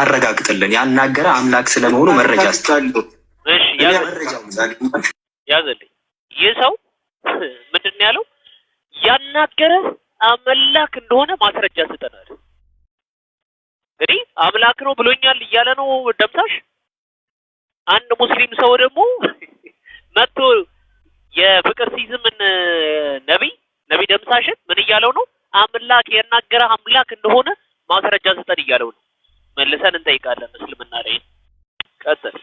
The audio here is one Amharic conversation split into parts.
አረጋግጥልን። ያናገረ አምላክ ስለመሆኑ መረጃ ያዘልኝ። ይህ ሰው ምንድን ያለው? ያናገረ አምላክ እንደሆነ ማስረጃ ስጠናል። እንግዲህ አምላክ ነው ብሎኛል እያለ ነው ደምሳሽ። አንድ ሙስሊም ሰው ደግሞ መጥቶ የፍቅር ሲዝምን ነቢይ ነቢይ ደምሳሽን ምን እያለው ነው? አምላክ ያናገረ አምላክ እንደሆነ ማስረጃ ስጠን እያለው ነው። መልሰን እንጠይቃለን። እስልምና ላይ ቀጥል።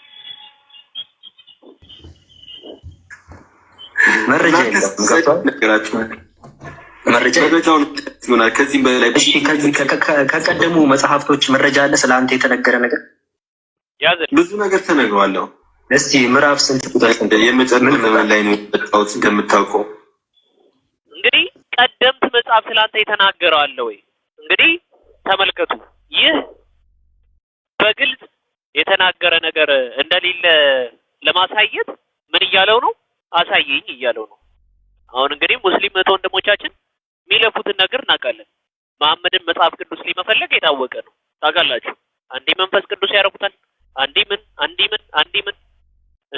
መረጃ ከቀደሙ መጽሐፍቶች መረጃ አለ። ስለ አንተ የተነገረ ነገር ብዙ ነገር ተነግሯለሁ። እስቲ ምዕራፍ ስንት ቁጥር የመጨረሻ ዘመን ላይ ነው የመጣሁት እንደምታውቀው እንግዲህ ቀደምት መጽሐፍ ስለ አንተ የተናገረው አለ ወይ? እንግዲህ ተመልከቱ ይህ በግልጽ የተናገረ ነገር እንደሌለ ለማሳየት ምን እያለው ነው? አሳየኝ እያለው ነው። አሁን እንግዲህ ሙስሊም እህት ወንድሞቻችን የሚለፉትን ነገር እናውቃለን። መሐመድን መጽሐፍ ቅዱስ ሊመፈለግ መፈለግ የታወቀ ነው። ታውቃላችሁ፣ አንዴ መንፈስ ቅዱስ ያደርጉታል፣ አንዴ ምን፣ አንዴ ምን፣ አንዴ ምን።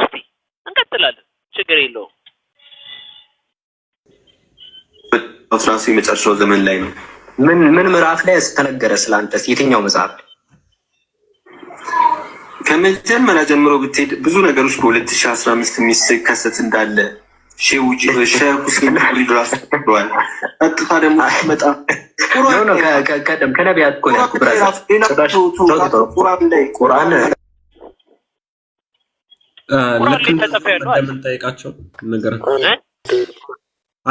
እስቲ እንቀጥላለን፣ ችግር የለውም። ራሱ መጨረሻው ዘመን ላይ ነው። ምን ምን ምዕራፍ ላይ ተነገረ? ስለአንተስ? የትኛው መጽሐፍ ላይ ከመጀመሪያ ጀምሮ ብትሄድ ብዙ ነገሮች በ2015 የሚከሰት እንዳለ ሼህ ልክ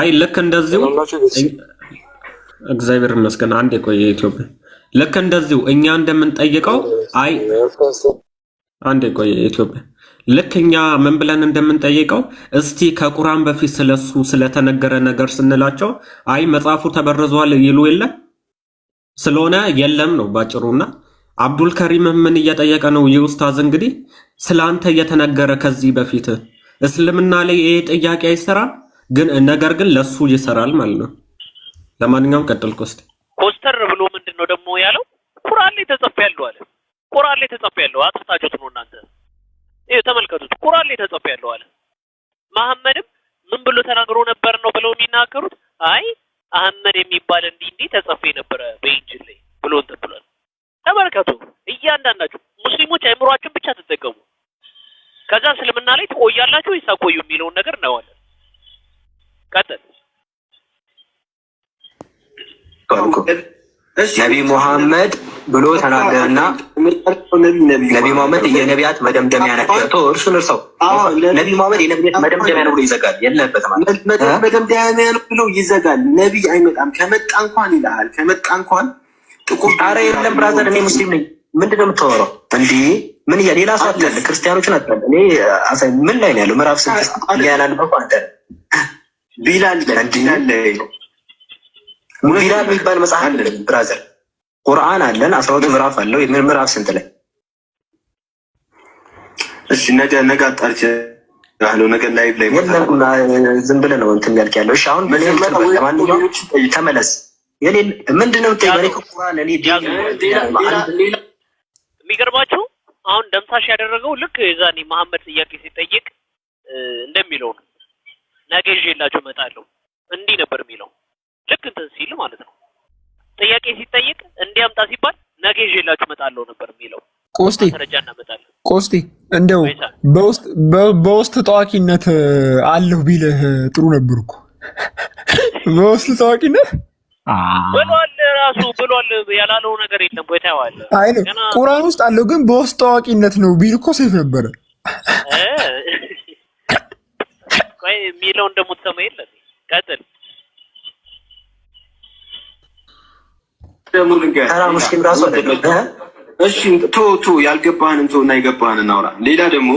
አይ ልክ እንደዚሁ እግዚአብሔር ይመስገን። አንድ የቆየ ኢትዮጵያ ልክ እንደዚሁ እኛ እንደምንጠይቀው አይ አንድ የቆየ ኢትዮጵያ ልክ እኛ ምን ብለን እንደምንጠይቀው እስቲ ከቁርአን በፊት ስለሱ ስለተነገረ ነገር ስንላቸው አይ መጽሐፉ ተበርዟል ይሉ የለ ስለሆነ የለም ነው ባጭሩና አብዱል ከሪም ምን እየጠየቀ ነው? ይህ ኡስታዝ እንግዲህ ስለ አንተ እየተነገረ ከዚህ በፊት እስልምና ላይ ይሄ ጥያቄ አይሰራም፣ ግን ነገር ግን ለሱ ይሰራል ማለት ነው። ለማንኛውም ቀጥል። ኮስተር ብሎ ምንድን ነው ደግሞ ያለው? ቁርአን ላይ ተጽፎ ያለው አለ ቁርአን ላይ ተጽፎ ያለው አጥፍታችሁት ነው እናንተ። ይሄ ተመልከቱት፣ ቁርአን ላይ ተጽፎ ያለው አለ። መሐመድም ምን ብሎ ተናግሮ ነበር ነው ብለው የሚናገሩት? አይ አህመድ የሚባል እንዲህ እንዲህ ተጽፎ የነበረ በኢንጂል ላይ ብሎ እንትን ብሏል። ተመልከቱ፣ እያንዳንዳችሁ ሙስሊሞች አይምሯችሁን ብቻ ተጠቀሙ። ከዛ እስልምና ላይ ትቆያላችሁ ወይስ አቆዩ የሚለውን ነገር እናየዋለን። ቀጥል ነቢ ሙሐመድ ብሎ ተናገረና ነቢ ሙሐመድ የነቢያት መደምደሚያ ነበር። ቶ እርሱን እርሰው ነቢ ሙሐመድ የነቢያት መደምደሚያ ነው ብሎ ይዘጋል። የለበት መደምደሚያ ነው ብሎ ይዘጋል። ነቢ አይመጣም። ከመጣ እንኳን ይልሃል። ከመጣ እንኳን ጥቁር። ኧረ የለም ብራዘር፣ እኔ ሙስሊም ነኝ። ምንድን ነው የምታወራው? እንዲህ ምን እያ ሌላ ሰው አለ ክርስቲያኖችን አለ። እኔ ምን ላይ ነው ያለው? ምዕራፍ ስድስት ያላልበ አንተ ቢላል ቢላል ሙቢና የሚባል መጽሐፍ አለ ብራዘር፣ ቁርአን አለን። አስራ ሁለት ምዕራፍ አለው። የምን ምዕራፍ ስንት ላይ? እሺ ነገ ነገ አጣርች ያለው ነገ ላይ ላይ ዝም ብለህ ነው እንትን ያልክ ያለው። እሺ አሁን ምን ለማንኛውም ተመለስ። የኔ ምንድነው ጠይቀኝ። ቁርአን እኔ የሚገርማችሁ አሁን ደምሳሽ ያደረገው ልክ የዛኔ መሐመድ ጥያቄ ሲጠይቅ እንደሚለው ነው። ነገ ይዤላችሁ እመጣለሁ እንዲህ ነበር የሚለው ልክ እንትን ሲል ማለት ነው ጥያቄ ሲጠይቅ አምጣ ሲባል ነገ ይዤላችሁ እመጣለሁ ነበር የሚለው። ቆስጤ ቆስጤ እንደው በውስጥ በውስጥ ታዋቂነት አለሁ ቢልህ ጥሩ ነበር እኮ በውስጥ ታዋቂነት ብሏል። ራሱ ብሏል። ያላለው ነገር የለም። ቦታ ያዋለ አይደል? ቁርአን ውስጥ አለው ግን በውስጥ ታዋቂነት ነው ቢል እኮ ሴፍ ነበረ። ቆይ የሚለውን ደግሞ ትሰማ የለም። ቀጥል ደግሞ ያልገባህን እንትን እና የገባህን እናውራ። ሌላ ደግሞ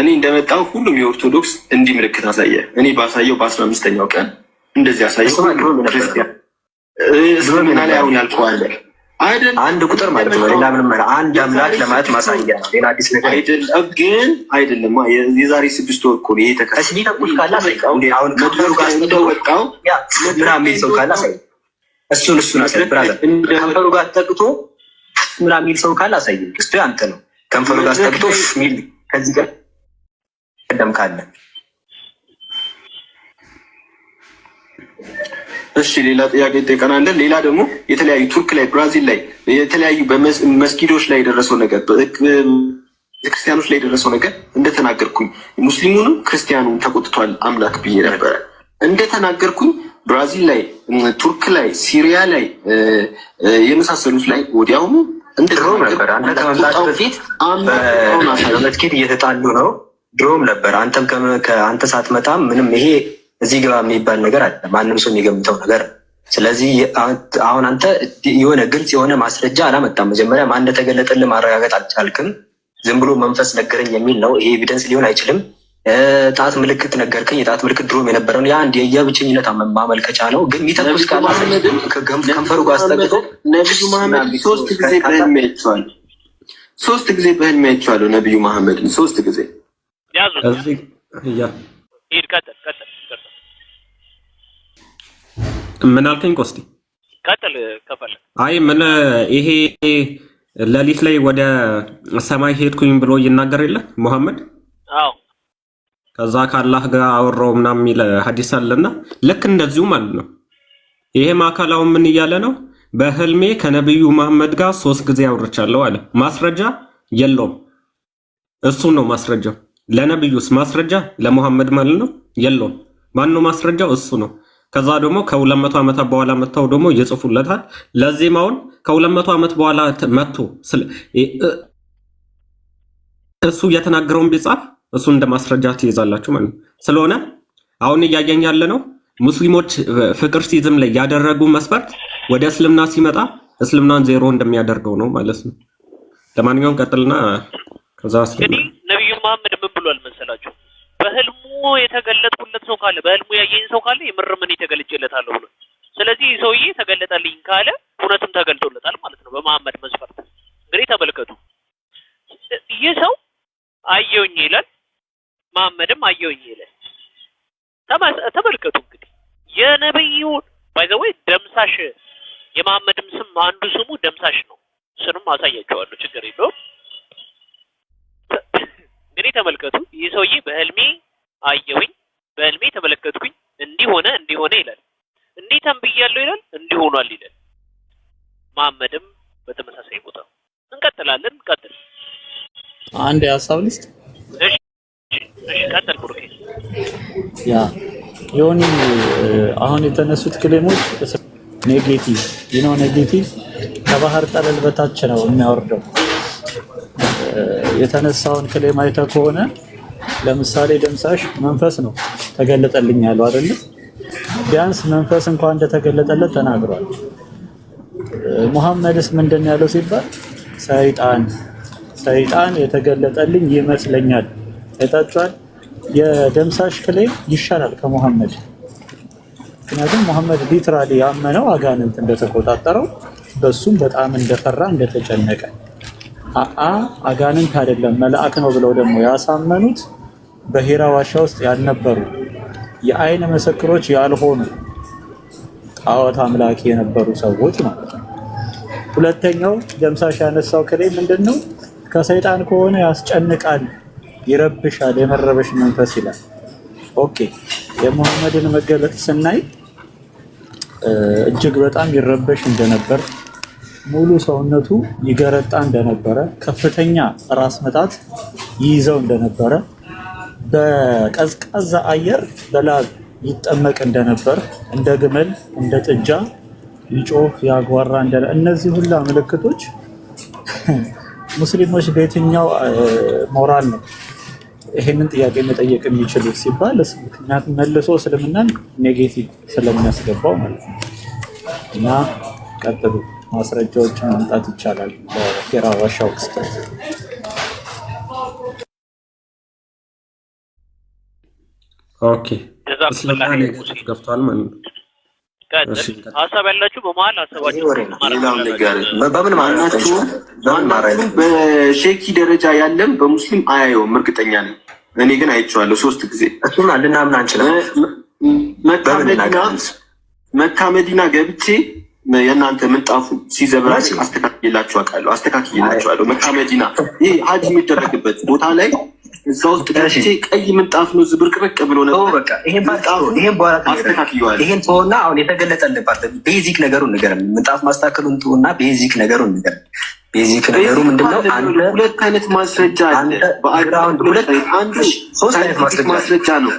እኔ እንደመጣው ሁሉም የኦርቶዶክስ እንዲህ ምልክት አሳየ። እኔ ባሳየው በአስራ አምስተኛው ቀን እንደዚህ አሳየው። እስልምና ላይ አሁን ያልከው አለ አይደል? አንድ ቁጥር ማለት ነው። ሌላ ምንም ማለት አንድ አምላክ ለማለት ማሳያ ነው። ሌላ አዲስ ነገር አይደለም። ግን አይደለም የዛሬ ስድስት ወር እኮ ነው ይሄ ተከ ስሊተኩል ካላ ሳይቃሁ ሁን መድበሩ ጋር እንደወጣው ምናምን ሰው ካላ ሳይ እሱን እሱን አሳይ ከንፈሩ ጋር ተጠቅቶ ምና የሚል ሰው ካለ አሳየ። እስቲ አንተ ነው ከንፈሩ ጋር ተጠቅቶ ሚል ከዚህ ጋር ቀደም ካለ እሺ ሌላ ጥያቄ ይጠይቀናለን። ሌላ ደግሞ የተለያዩ ቱርክ ላይ ብራዚል ላይ የተለያዩ መስጊዶች ላይ የደረሰው ነገር ክርስቲያኖች ላይ የደረሰው ነገር እንደተናገርኩኝ ሙስሊሙንም ክርስቲያኑም ተቆጥቷል አምላክ ብዬ ነበረ እንደተናገርኩኝ ብራዚል ላይ፣ ቱርክ ላይ፣ ሲሪያ ላይ የመሳሰሉት ላይ ወዲያውኑ እንደ ድሮም ነበር። አንተ ከመምጣት በፊት በመትኬት እየተጣሉ ነው። ድሮም ነበር። አንተም ከአንተ ሳትመጣም ምንም ይሄ እዚህ ግባ የሚባል ነገር አለ። ማንም ሰው የሚገምተው ነገር ስለዚህ አሁን አንተ የሆነ ግልጽ የሆነ ማስረጃ አላመጣም። መጀመሪያ ማን እንደተገለጠልህ ማረጋገጥ አልቻልክም። ዝም ብሎ መንፈስ ነገረኝ የሚል ነው። ይሄ ኤቪደንስ ሊሆን አይችልም። ጣት ምልክት ነገርከኝ። የጣት ምልክት ድሮም የነበረ ነው። የአንድ የብቸኝነት ማመልከቻ ነው። ግን የሚተኩስ ከንፈሩ ጋር አስጠግቶ ነቢዩ መሐመድ ሶስት ጊዜ በህልሜ አይቼዋለሁ። ሶስት ጊዜ በህልሜ አይቼዋለሁ ነቢዩ መሐመድን ሶስት ጊዜ ምን አልከኝ? ቆስቲ ቀጥል ከፈለክ። አይ ምን ይሄ ሌሊት ላይ ወደ ሰማይ ሄድኩኝ ብሎ ይናገር የለ መሐመድ? አዎ ከዛ ካላህ ጋር አወራው ምናምን የሚል ሐዲስ አለና ልክ እንደዚሁ ማለት ነው። ይሄም አካላው ምን እያለ ነው? በህልሜ ከነብዩ መሐመድ ጋር ሶስት ጊዜ አውርቻለሁ አለ። ማስረጃ የለውም። እሱ ነው ማስረጃው። ለነብዩስ ማስረጃ ለሙሐመድ ማለት ነው የለውም። ማነው ማስረጃው? እሱ ነው። ከዛ ደግሞ ከሁለት መቶ ዓመታት በኋላ መጥተው ደግሞ ይጽፉለታል። ለዚህም አሁን ከሁለት መቶ ዓመት በኋላ መጥቶ እሱ እየተናገረውን ቢጻፍ እሱን እንደ ማስረጃ ትይዛላችሁ ማለት ነው። ስለሆነ አሁን እያየን ያለ ነው ሙስሊሞች ፍቅር ሲዝም ላይ ያደረጉ መስፈርት ወደ እስልምና ሲመጣ እስልምናን ዜሮ እንደሚያደርገው ነው ማለት ነው። ለማንኛውም ቀጥልና ከዛ እንግዲህ ነብዩ መሐመድ ምን ብሏል መሰላችሁ? በህልሙ የተገለጥኩለት ሰው ካለ በህልሙ ያየኝ ሰው ካለ የምር ምን የተገለጨለታለሁ ብሏል። ስለዚህ ሰውዬ ተገለጠልኝ ካለ እውነቱም ተገልጦለታል ማለት ነው በመሐመድ መስፈርት። እንግዲህ ተመልከቱ፣ ይህ ሰው አየውኝ ይላል መሐመድም አየው ይላል። ተመልከቱ እንግዲህ የነብዩ ባይዘወይ ደምሳሽ የመሐመድም ስም አንዱ ስሙ ደምሳሽ ነው። እሱንም አሳያቸዋለሁ፣ ችግር የለውም። እንግዲህ ተመልከቱ። ይህ ሰውዬ በህልሜ አየውኝ፣ በህልሜ ተመለከትኩኝ፣ እንዲህ ሆነ፣ እንዲ ሆነ እንዲ ሆነ ይላል እንዲህ ተንብያለሁ ይላል፣ እንዲሆኗል ሆኗል ይላል። መሐመድም በተመሳሳይ ቦታ እንቀጥላለን። እንቀጥል አንድ የሀሳብ ቀጥል ብሩኬ። ያ ዮኒ አሁን የተነሱት ክሌሞች ኔጌቲቭ ይህ ኔጌቲቭ ከባህር ጠለል በታች ነው የሚያወርደው። የተነሳውን ክሌም አይተ ከሆነ ለምሳሌ ደምሳሽ መንፈስ ነው ተገለጠልኝ ያለው አይደለም። ቢያንስ መንፈስ እንኳን እንደተገለጠለት ተናግሯል። ሙሐመድስ ምንድን ያለው ሲባል ሰይጣን ሰይጣን የተገለጠልኝ ይመስለኛል አይታችኋል። የደምሳሽ ክሌም ይሻላል ከሙሐመድ ምክንያቱም ሙሐመድ ሊትራሊ ያመነው አጋንንት እንደተቆጣጠረው በሱም በጣም እንደፈራ እንደተጨነቀ አአ አጋንንት አይደለም መልአክ ነው ብለው ደግሞ ያሳመኑት በሄራ ዋሻ ውስጥ ያልነበሩ የአይን ምስክሮች ያልሆኑ ጣዖት አምላኪ የነበሩ ሰዎች ነው። ሁለተኛው ደምሳሽ ያነሳው ክሌም ምንድን ነው? ከሰይጣን ከሆነ ያስጨንቃል ይረብሻል፣ የመረበሽ መንፈስ ይላል። ኦኬ የሙሐመድን መገለጥ ስናይ እጅግ በጣም ይረበሽ እንደነበር ሙሉ ሰውነቱ ይገረጣ እንደነበረ ከፍተኛ ራስ ምታት ይይዘው እንደነበረ በቀዝቃዛ አየር በላብ ይጠመቅ እንደነበር እንደ ግመል እንደ ጥጃ ይጮህ ያጓራ እንደ እነዚህ ሁላ ምልክቶች ሙስሊሞች በየትኛው ሞራል ነው ይሄንን ጥያቄ መጠየቅ የሚችሉት ሲባል ምክንያት መልሶ እስልምናን ኔጌቲቭ ስለሚያስገባው ማለት ነው። እና ቀጥሉ ማስረጃዎችን ማምጣት ይቻላል። በቴራዋሻ ውስጥ ኦኬ እስልምና ኔጌቲቭ ገብቷል ማለት ነው። ሀሳብ ያላችሁ በመሀል ሀሳባችሁ በምን ማናችሁ በሼኪ ደረጃ ያለም በሙስሊም አያየውም፣ እርግጠኛ ነኝ። እኔ ግን አይቼዋለሁ ሶስት ጊዜ። እሱን ልናምን አንችልም። መካ መዲና ገብቼ የእናንተ ምንጣፉ ሲዘብራች አስተካክላችሁ አውቃለሁ። አስተካክላችኋለሁ። መካ መዲና ይህ ሀጅ የሚደረግበት ቦታ ላይ እዛ ውስጥ ቀይ ምንጣፍ ነው ዝብርቅርቅ ብሎ ነበርይሄን በቃ ይሄን በኋላ ይሄን ተወና አሁን የተገለጠልን ቤዚክ ነገሩን ንገረን። ምንጣፍ ማስተካከሉን ተወና ቤዚክ ነገሩን ንገረን። ቤዚክ ነገሩ ምንድን ሁለት አይነት ማስረጃ አለ። በአንድ ሁለት ሶስት አይነት ማስረጃ ነው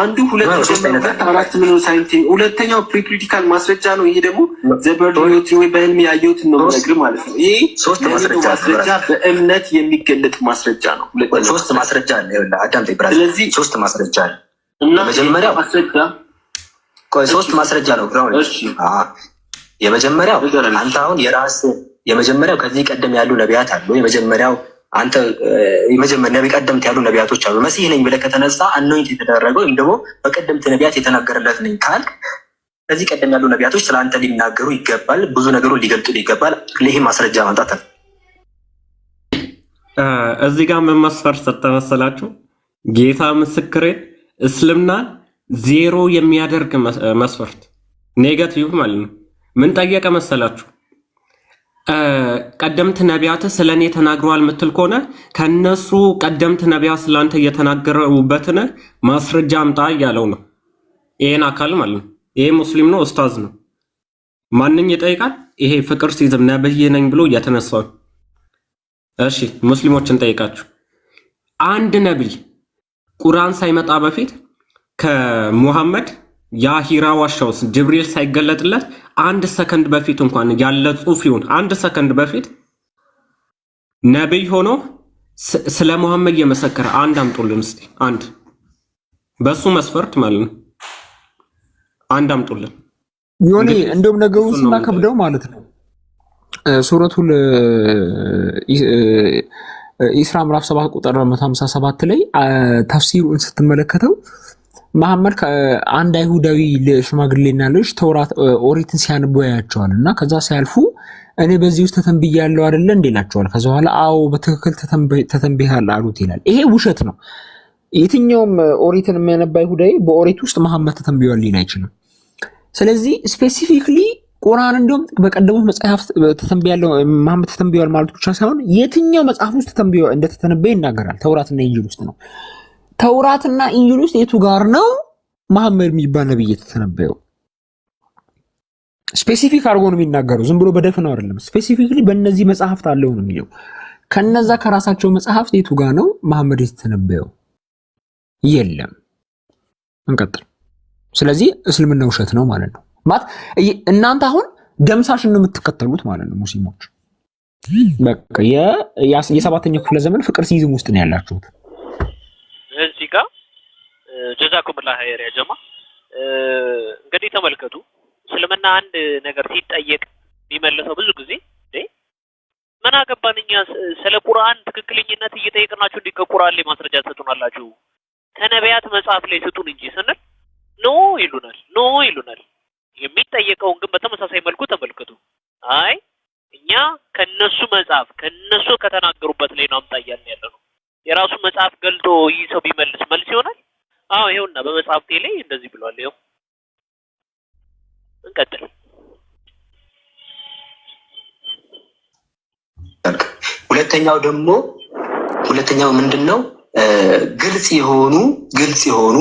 አንዱ ሁለት አራት ምሎ ሳይንቲ ሁለተኛው ፕሪክሪቲካል ማስረጃ ነው። ይሄ ደግሞ ዘበርድ ዘበርዶት ወይ በህልም ያየሁትን ነው የምነግርህ ማለት ነው። ይሄ ሶስት ማስረጃ በእምነት የሚገለጥ ማስረጃ ነው። ሁለተኛው ሶስት ማስረጃ አለ። አዳም ስለዚህ ሶስት ማስረጃ አለ እና መጀመሪያው ማስረጃ ቆይ፣ ሶስት ማስረጃ ነው። እሺ፣ የመጀመሪያው አንተ አሁን የራስ የመጀመሪያው ከዚህ ቀደም ያሉ ነቢያት አሉ። የመጀመሪያው አንተ የመጀመር ነቢ ቀደምት ያሉ ነቢያቶች አሉ። መሲህ ነኝ ብለህ ከተነሳ አኖይንት የተደረገ ወይም ደግሞ በቀደምት ነቢያት የተናገረለት ነኝ ካልክ ከዚህ ቀደም ያሉ ነቢያቶች ስለ አንተ ሊናገሩ ይገባል፣ ብዙ ነገሩን ሊገልጡ ይገባል። ለይህ ማስረጃ ማምጣት ነው። እዚህ ጋር ምን መስፈርት ስተመሰላችሁ ጌታ ምስክሬ እስልምና ዜሮ የሚያደርግ መስፈርት ኔጋቲቭ ማለት ነው። ምን ጠየቀ መሰላችሁ? ቀደምት ነቢያት ስለ እኔ ተናግረዋል የምትል ከሆነ ከእነሱ ቀደምት ነቢያት ስለ አንተ እየተናገረውበትን ማስረጃ አምጣ እያለው ነው። ይሄን አካል ማለት ነው። ይሄ ሙስሊም ነው፣ ኡስታዝ ነው። ማንኝ ይጠይቃል። ይሄ ፍቅር ሲዝም ነብይ ነኝ ብሎ እየተነሳ እሺ ሙስሊሞችን ጠይቃችሁ አንድ ነቢይ ቁርአን ሳይመጣ በፊት ከሙሐመድ ያ ሂራ ዋሻውስ ጅብሪል ሳይገለጥለት አንድ ሰከንድ በፊት እንኳን ያለ ጽሁፍ ይሁን አንድ ሰከንድ በፊት ነቢይ ሆኖ ስለ መሐመድ የመሰከረ አንድ አምጡልን እስቲ አንድ በሱ መስፈርት ማለት ነው። አንድ አምጡልን ዮኒ። እንደውም ነገሩ ስናከብደው ማለት ነው ሱረቱል ኢስራ ምዕራፍ 7 ቁጥር 157 ላይ ተፍሲሩን ስትመለከተው መሐመድ አንድ አይሁዳዊ ሽማግሌና ልጅ ተውራት ኦሪትን ሲያንቡ ያያቸዋል እና ከዛ ሲያልፉ እኔ በዚህ ውስጥ ተተንብያለሁ አይደለ እንዴ ይላቸዋል። ከዛ በኋላ አዎ በትክክል ተተንብያል አሉት ይላል። ይሄ ውሸት ነው። የትኛውም ኦሪትን የሚያነባ አይሁዳዊ በኦሪት ውስጥ መሐመድ ተተንብያል ሊል አይችልም። ስለዚህ ስፔሲፊክሊ ቁርአን እንዲሁም በቀደሙት መጽሐፍ ተተንብያለሁ መሐመድ ተተንብያል ማለት ብቻ ሳይሆን የትኛው መጽሐፍ ውስጥ ተተንብያ እንደተተነበየ ይናገራል። ተውራትና ኢንጅል ውስጥ ነው። ተውራትና ኢንጂል ውስጥ የቱ ጋር ነው መሐመድ የሚባል ነብይ የተተነበየው? ስፔሲፊክ አድርጎ ነው የሚናገረው። ዝም ብሎ በደፍነው አይደለም። ስፔሲፊክሊ በእነዚህ መጽሐፍት አለው ነው የሚለው። ከነዛ ከራሳቸው መጽሐፍት የቱ ጋር ነው መሐመድ የተተነበየው? የለም። እንቀጥል። ስለዚህ እስልምና ውሸት ነው ማለት ነው። ማለት እናንተ አሁን ደምሳሽን ነው የምትከተሉት ማለት ነው ሙስሊሞች። በቃ የሰባተኛው ክፍለ ዘመን ፍቅር ሲይዝም ውስጥ ነው ያላችሁት። ጀዛኩምላ ኸይር ያ ጀማ። እንግዲህ ተመልከቱ እስልምና አንድ ነገር ሲጠየቅ የሚመልሰው ብዙ ጊዜ ምን አገባን እኛ ስለ ቁርአን ትክክለኝነት እየጠየቅናችሁ እንዲ ከቁርአን ላይ ማስረጃ ትሰጡናላችሁ ከነቢያት መጽሐፍ ላይ ስጡን እንጂ ስንል ኖ ይሉናል፣ ኖ ይሉናል። የሚጠየቀውን ግን በተመሳሳይ መልኩ ተመልከቱ። አይ እኛ ከነሱ መጽሐፍ ከነሱ ከተናገሩበት ላይ ነው አምጣ እያልን ያለ ነው። የራሱ መጽሐፍ ገልጦ ይህ ሰው ቢመልስ መልስ ይሆናል። አዎ ይሄውና በመጽሐፍቴ ላይ እንደዚህ ብሏል። ይኸው እንቀጥል። ሁለተኛው ደግሞ ሁለተኛው ምንድን ነው? ግልጽ የሆኑ ግልጽ የሆኑ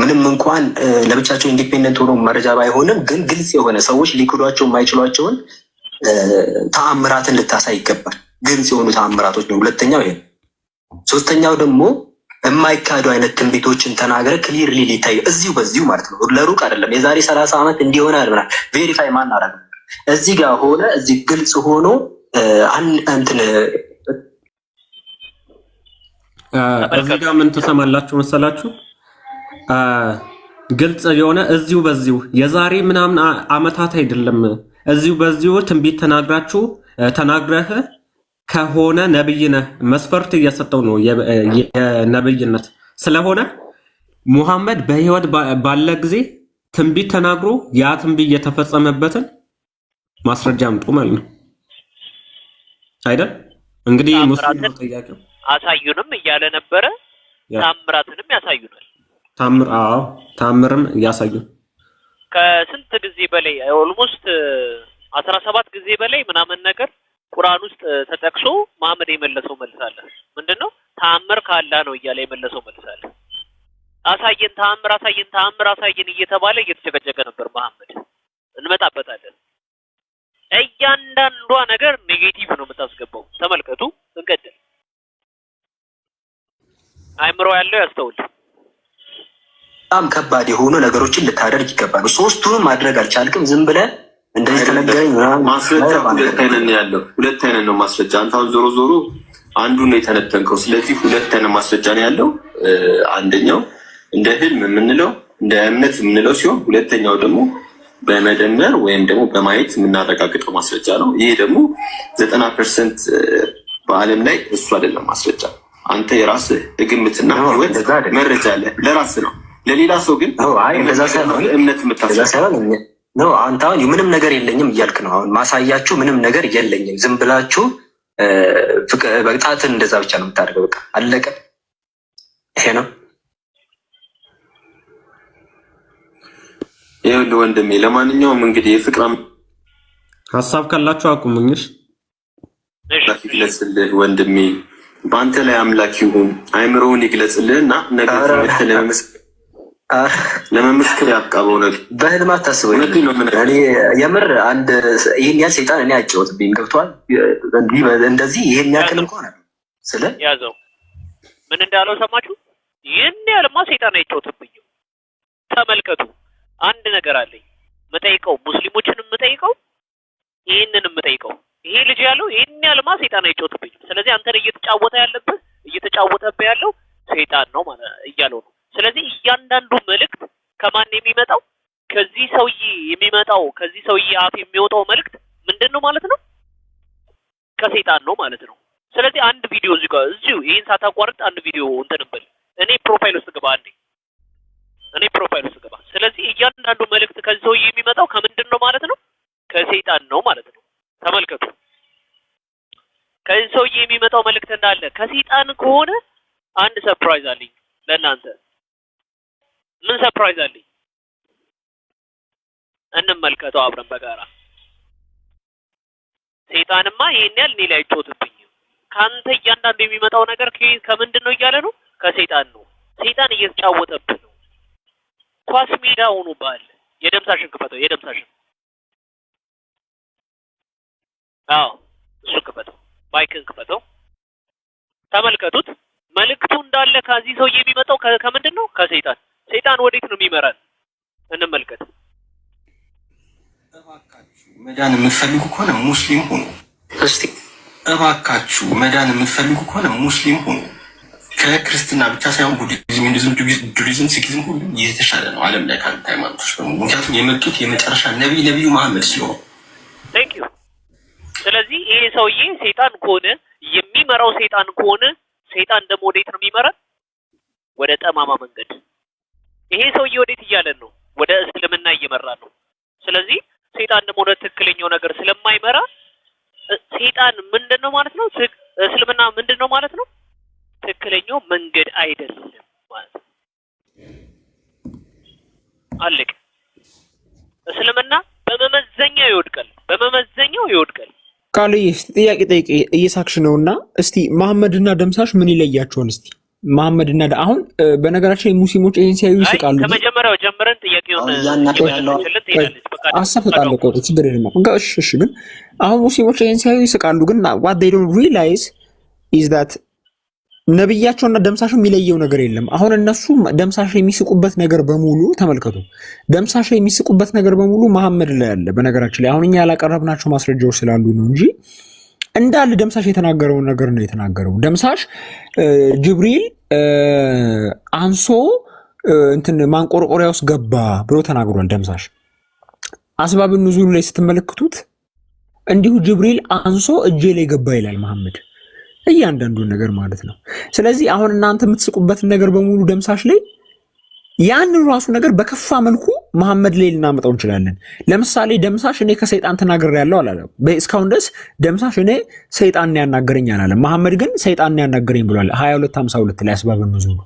ምንም እንኳን ለብቻቸው ኢንዲፔንደንት ሆኖ መረጃ ባይሆንም ግን ግልጽ የሆነ ሰዎች ሊክዷቸው የማይችሏቸውን ተአምራትን ልታሳይ ይገባል። ግልጽ የሆኑ ተአምራቶች ነው። ሁለተኛው ይሄ። ሶስተኛው ደግሞ የማይካዱ አይነት ትንቢቶችን ተናገረ። ክሊርሊ ሊታዩ እዚሁ በዚሁ ማለት ነው። ለሩቅ አይደለም። የዛሬ ሰላሳ ዓመት እንዲሆነ አድምናል ቬሪፋይ ማን አረግ እዚህ ጋር ሆነ እዚህ ግልጽ ሆኖ እንትን እዚህ ጋር ምን ትሰማላችሁ መሰላችሁ? ግልጽ የሆነ እዚሁ በዚሁ የዛሬ ምናምን አመታት አይደለም። እዚሁ በዚሁ ትንቢት ተናግራችሁ ተናግረህ ከሆነ ነብይ ነህ መስፈርት እየሰጠው ነው። የነብይነት ስለሆነ ሙሐመድ በህይወት ባለ ጊዜ ትንቢት ተናግሮ ያ ትንቢት የተፈጸመበትን ማስረጃ አምጡ ማለት ነው አይደል? እንግዲህ ሙስሊም ነው ጥያቄው። አሳዩንም እያለ ነበረ። ታምራትንም ያሳዩናል። ታምር አዎ፣ ታምርም እያሳዩ ከስንት ጊዜ በላይ ኦልሞስት አስራ ሰባት ጊዜ በላይ ምናምን ነገር ቁርአን ውስጥ ተጠቅሶ መሐመድ የመለሰው መልሳለ ምንድን ነው? ተአምር ካላ ነው እያለ የመለሰው መልሳለ። አሳየን ተአምር አሳየን ተአምር አሳየን እየተባለ እየተጨቀጨቀ ነበር መሐመድ። እንመጣበታለን። እያንዳንዷ ነገር ኔጌቲቭ ነው የምታስገባው። ተመልከቱ፣ እንቀጥል። አይምሮ ያለው ያስተውል። በጣም ከባድ የሆኑ ነገሮችን ልታደርግ ይገባል። ሶስቱንም ማድረግ አልቻልክም። ዝም ብለህ እንደዚህ ተነገረኝ። ማስረጃ ሁለት አይነት ነው ያለው። ሁለት አይነት ነው ማስረጃ። አንተ አሁን ዞሮ ዞሮ አንዱ ነው የተነተንከው። ስለዚህ ሁለት አይነት ማስረጃ ነው ያለው። አንደኛው እንደ ህልም የምንለው እንደ እምነት የምንለው ሲሆን ሁለተኛው ደግሞ በመደመር ወይም ደግሞ በማየት የምናረጋግጠው ማስረጃ ነው። ይሄ ደግሞ ዘጠና ፐርሰንት በዓለም ላይ እሱ አይደለም ማስረጃ። አንተ የራስህ ግምትና ህይወት መረጃ አለ ለራስህ ነው። ለሌላ ሰው ግን እምነት የምታስ ነው አንተ አሁን ምንም ነገር የለኝም እያልክ ነው። አሁን ማሳያችሁ ምንም ነገር የለኝም፣ ዝም ብላችሁ በቅጣትን እንደዛ ብቻ ነው የምታደርገው። በቃ አለቀ። ይሄ ነው ይኸውልህ ወንድሜ። ለማንኛውም እንግዲህ የፍቅር ሀሳብ ካላችሁ አቁሙኝሽ ይግለጽልህ ወንድሜ፣ በአንተ ላይ አምላክ ይሁን፣ አይምሮውን ይግለጽልህ እና ነገር ለመመስ ለመምስክር ያብቃበው ነገር በህልማት ታስበው የምር አንድ ይህን ያህል ሴጣን እኔ አጫወትብኝ ገብቷል። እንደዚህ ይህን ያክል እንኳን ስለ ያዘው ምን እንዳለው ሰማችሁ? ይህን ያህልማ ሰይጣን አይጫወትብኝ። ተመልከቱ፣ አንድ ነገር አለኝ የምጠይቀው፣ ሙስሊሞችን የምጠይቀው፣ ይህንን የምጠይቀው ይሄ ልጅ ያለው ይህን ያህልማ ሰይጣን አይጫወትብኝ። ስለዚህ አንተን እየተጫወተ ያለብህ እየተጫወተብህ ያለው ሰይጣን ነው ማለት እያለው ነው ስለዚህ እያንዳንዱ መልእክት ከማን የሚመጣው ከዚህ ሰውዬ የሚመጣው ከዚህ ሰውዬ አፍ የሚወጣው መልእክት ምንድን ነው ማለት ነው? ከሴጣን ነው ማለት ነው። ስለዚህ አንድ ቪዲዮ እዚህ ጋር እዚሁ ይሄን ሳታቋርጥ አንድ ቪዲዮ እንትን እኔ ፕሮፋይል ውስጥ ግባ አንዴ፣ እኔ ፕሮፋይል ውስጥ ግባ። ስለዚህ እያንዳንዱ መልእክት ከዚህ ሰውዬ የሚመጣው ከምንድን ነው ማለት ነው? ከሴጣን ነው ማለት ነው። ተመልከቱ፣ ከዚህ ሰውዬ የሚመጣው መልእክት እንዳለ ከሴጣን ከሆነ አንድ ሰርፕራይዝ አለኝ ለእናንተ። ምን ሰርፕራይዝ አለኝ? እንመልከተው አብረን በጋራ። ሰይጣንማ ይሄን ያህል እኔ ላይ አይጮትብኝም። ከአንተ እያንዳንዱ የሚመጣው ነገር ከምንድን ነው እያለ ነው? ከሰይጣን ነው። ሰይጣን እየተጫወተብህ ነው። ኳስ ሜዳ ሆኖብሃል። የደምሳሽን ክፈተው፣ የደምሳሽን አዎ፣ እሱን ክፈተው፣ ማይክን ክፈተው። ተመልከቱት። መልእክቱ እንዳለ ከዚህ ሰው የሚመጣው ከምንድን ነው? ከሰይጣን ሰይጣን ወዴት ነው የሚመራን? እንመልከት። እባካችሁ መዳን የምትፈልጉ ከሆነ ሙስሊም ሁኑ። እስቲ እባካችሁ መዳን የምትፈልጉ ከሆነ ሙስሊም ሁኑ። ከክርስትና ብቻ ሳይሆን ቡዲዝም፣ ሂንዱዝም፣ ጁዲዝም፣ ሲኪዝም ሁሉ የተሻለ ነው ዓለም ላይ ካሉት ሃይማኖቶች በሙሉ። ምክንያቱም የመጡት የመጨረሻ ነቢይ ነቢዩ መሐመድ ስለሆኑ ንክ ስለዚህ ይሄ ሰውዬ ሴጣን ከሆነ የሚመራው ሴጣን ከሆነ ሴጣን ደግሞ ወዴት ነው የሚመራ? ወደ ጠማማ መንገድ ይሄ ሰውዬ ወዴት እያለን ነው? ወደ እስልምና እየመራ ነው። ስለዚህ ሴጣን ደግሞ ወደ ትክክለኛው ነገር ስለማይመራ ሴጣን ምንድን ነው ማለት ነው? እስልምና ምንድን ነው ማለት ነው? ትክክለኛው መንገድ አይደለም ማለት ነው። አለቅ እስልምና በመመዘኛው ይወድቃል፣ በመመዘኛው ይወድቃል። ቃሉ ጥያቄ ጠይቄ እየሳክሽ ነው እና እስቲ መሐመድና ደምሳሽ ምን ይለያቸዋል እስቲ መሐመድ እና አሁን በነገራችን ላይ ሙስሊሞች ይህን ሲያዩ ይስቃሉ። ከመጀመሪያው ጀምረን ጥያቄውን አሰብ ተጣለ ቆጡ ችግር የለም። እሺ ግን አሁን ሙስሊሞች ይህን ሲያዩ ይስቃሉ። ግን ዋት ዴይ ዶንት ሪላይዝ ኢዝ ዳት ነብያቸውና ደምሳሽ የሚለየው ነገር የለም። አሁን እነሱ ደምሳሽ የሚስቁበት ነገር በሙሉ ተመልከቱ። ደምሳሽ የሚስቁበት ነገር በሙሉ መሐመድ ላይ አለ። በነገራችን ላይ አሁን እኛ ያላቀረብናቸው ማስረጃዎች ስላሉ ነው እንጂ እንዳለ ደምሳሽ የተናገረውን ነገር ነው የተናገረው። ደምሳሽ ጅብሪል አንሶ እንትን ማንቆርቆሪያ ውስጥ ገባ ብሎ ተናግሯል። ደምሳሽ አስባብ ኑዙሉ ላይ ስትመለከቱት እንዲሁ ጅብሪል አንሶ እጄ ላይ ገባ ይላል መሐመድ፣ እያንዳንዱን ነገር ማለት ነው። ስለዚህ አሁን እናንተ የምትስቁበትን ነገር በሙሉ ደምሳሽ ላይ ያንን ራሱ ነገር በከፋ መልኩ መሐመድ ላይ ልናመጣው እንችላለን። ለምሳሌ ደምሳሽ እኔ ከሰይጣን ተናገር ያለው አላለም። እስካሁን ድረስ ደምሳሽ እኔ ሰይጣን ያናገረኝ አላለም። መሐመድ ግን ሰይጣን ያናገረኝ ብሏል። 2252 ላይ አስባብ ነው።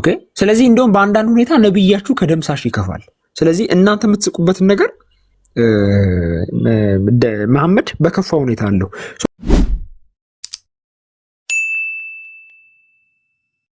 ኦኬ። ስለዚህ እንደውም በአንዳንድ ሁኔታ ነብያችሁ ከደምሳሽ ይከፋል። ስለዚህ እናንተ የምትስቁበትን ነገር መሐመድ በከፋ ሁኔታ አለው።